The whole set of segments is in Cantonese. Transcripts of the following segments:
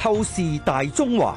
透視大中華。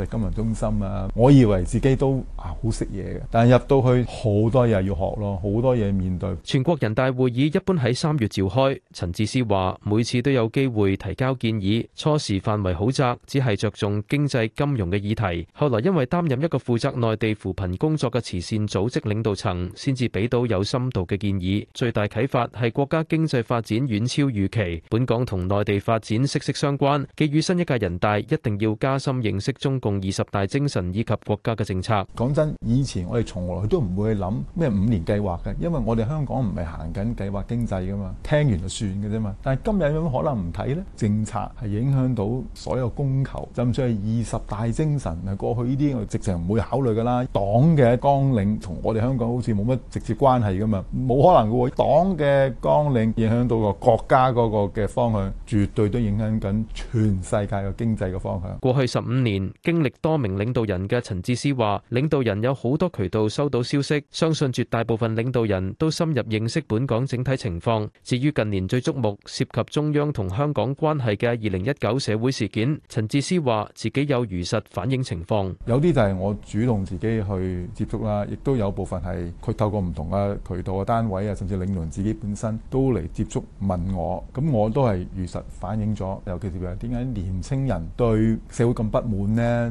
金融中心啊！我以為自己都好識嘢嘅，但入到去好多嘢要學咯，好多嘢。面對全國人大會議一般喺三月召開，陳智思話每次都有機會提交建議，初時範圍好窄，只係着重經濟金融嘅議題，後來因為擔任一個負責內地扶貧工作嘅慈善組織領導層先至俾到有深度嘅建議。最大啟發係國家經濟發展遠超預期，本港同內地發展息息相關。寄予新一屆人大一定要加深認識中共二十大精神以及國家嘅政策，講真，以前我哋從來都唔會去諗咩五年計劃嘅，因為我哋香港唔係行緊計劃經濟噶嘛，聽完就算嘅啫嘛。但係今日有可能唔睇呢？政策係影響到所有供求，甚至係二十大精神啊。過去呢啲我直情唔會考慮噶啦，黨嘅綱領同我哋香港好似冇乜直接關係噶嘛，冇可能嘅。黨嘅綱領影響到個國家嗰個嘅方向，絕對都影響緊全世界嘅經濟嘅方向。過去十五年經歷多名領導人嘅陳智思話：領導人有好多渠道收到消息，相信絕大部分領導人都深入認識本港整體情況。至於近年最觸目涉及中央同香港關係嘅2019社會事件，陳智思話自己有如實反映情況。有啲就係我主動自己去接觸啦，亦都有部分係佢透過唔同嘅渠道嘅單位啊，甚至領導人自己本身都嚟接觸問我，咁我都係如實反映咗。尤其是譬如點解年青人對社會咁不滿呢？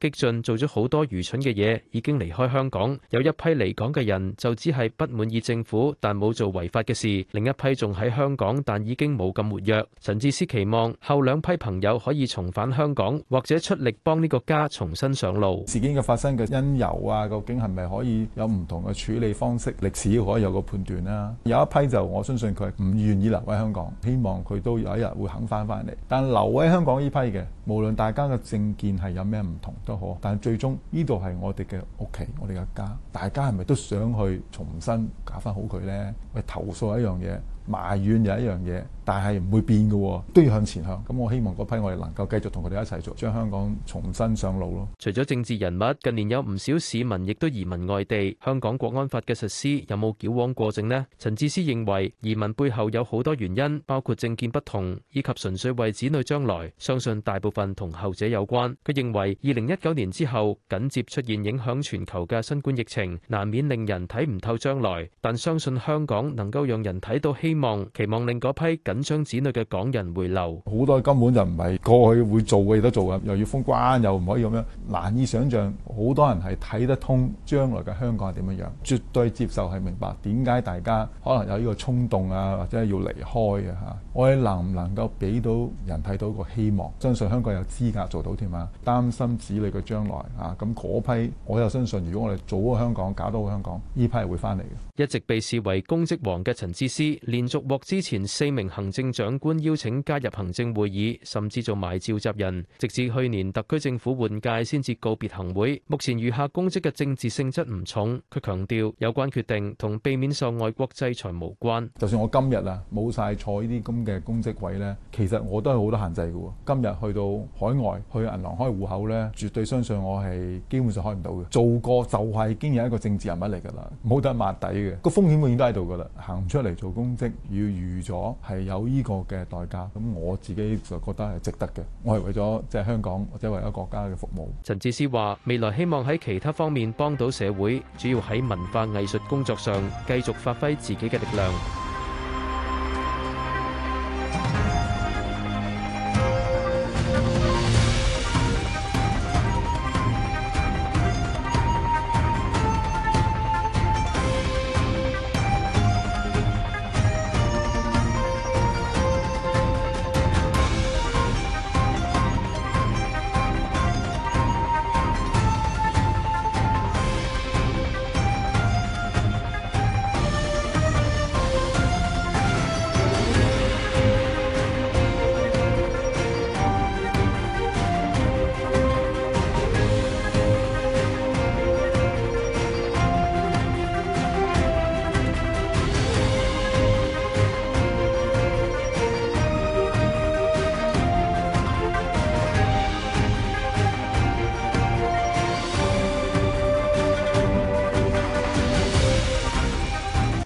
激進做咗好多愚蠢嘅嘢，已經離開香港。有一批離港嘅人就只係不滿意政府，但冇做違法嘅事；另一批仲喺香港，但已經冇咁活躍。陳智思期望後兩批朋友可以重返香港，或者出力幫呢個家重新上路。事件嘅發生嘅因由啊，究竟係咪可以有唔同嘅處理方式？歷史可以有個判斷啦、啊。有一批就我相信佢唔願意留喺香港，希望佢都有一日會肯翻翻嚟。但留喺香港呢批嘅，無論大家嘅政見係有咩唔，同都好，但係最終呢度係我哋嘅屋企，我哋嘅家，大家係咪都想去重新搞翻好佢咧？去投訴一樣嘢。埋怨有一樣嘢，但係唔會變嘅，都要向前行。咁我希望嗰批我哋能夠繼續同佢哋一齊做，將香港重新上路咯。除咗政治人物，近年有唔少市民亦都移民外地。香港國安法嘅實施有冇矯枉過正呢？陳智思認為移民背後有好多原因，包括政見不同，以及純粹為子女將來。相信大部分同後者有關。佢認為二零一九年之後緊接出現影響全球嘅新冠疫情，難免令人睇唔透將來。但相信香港能夠讓人睇到希望期望令嗰批緊張子女嘅港人回流，好多根本就唔係過去會做嘅嘢都做，又要封關，又唔可以咁樣，難以想像。好多人係睇得通將來嘅香港係點樣樣，絕對接受係明白點解大家可能有呢個衝動啊，或者係要離開啊。嚇，我哋能唔能夠俾到人睇到個希望？相信香港有資格做到添啊！擔心子女嘅將來啊，咁嗰批我又相信，如果我哋做好香港，搞到好香港，呢批係會翻嚟嘅。一直被視為公職王嘅陳智思。續獲之前四名行政長官邀請加入行政會議，甚至做埋召集人，直至去年特區政府換屆先至告別行會。目前餘下公職嘅政治性質唔重，佢強調有關決定同避免受外國制裁無關。就算我今日啊冇晒坐呢啲咁嘅公職位呢，其實我都係好多限制嘅。今日去到海外，去銀行開戶口呢，絕對相信我係基本上開唔到嘅。做過就係已經係一個政治人物嚟噶啦，冇得抹底嘅，個風險永遠都喺度噶啦，行唔出嚟做公職。要預咗係有呢個嘅代價，咁我自己就覺得係值得嘅。我係為咗即係香港或者為咗國家嘅服務。陳智思話，未來希望喺其他方面幫到社會，主要喺文化藝術工作上繼續發揮自己嘅力量。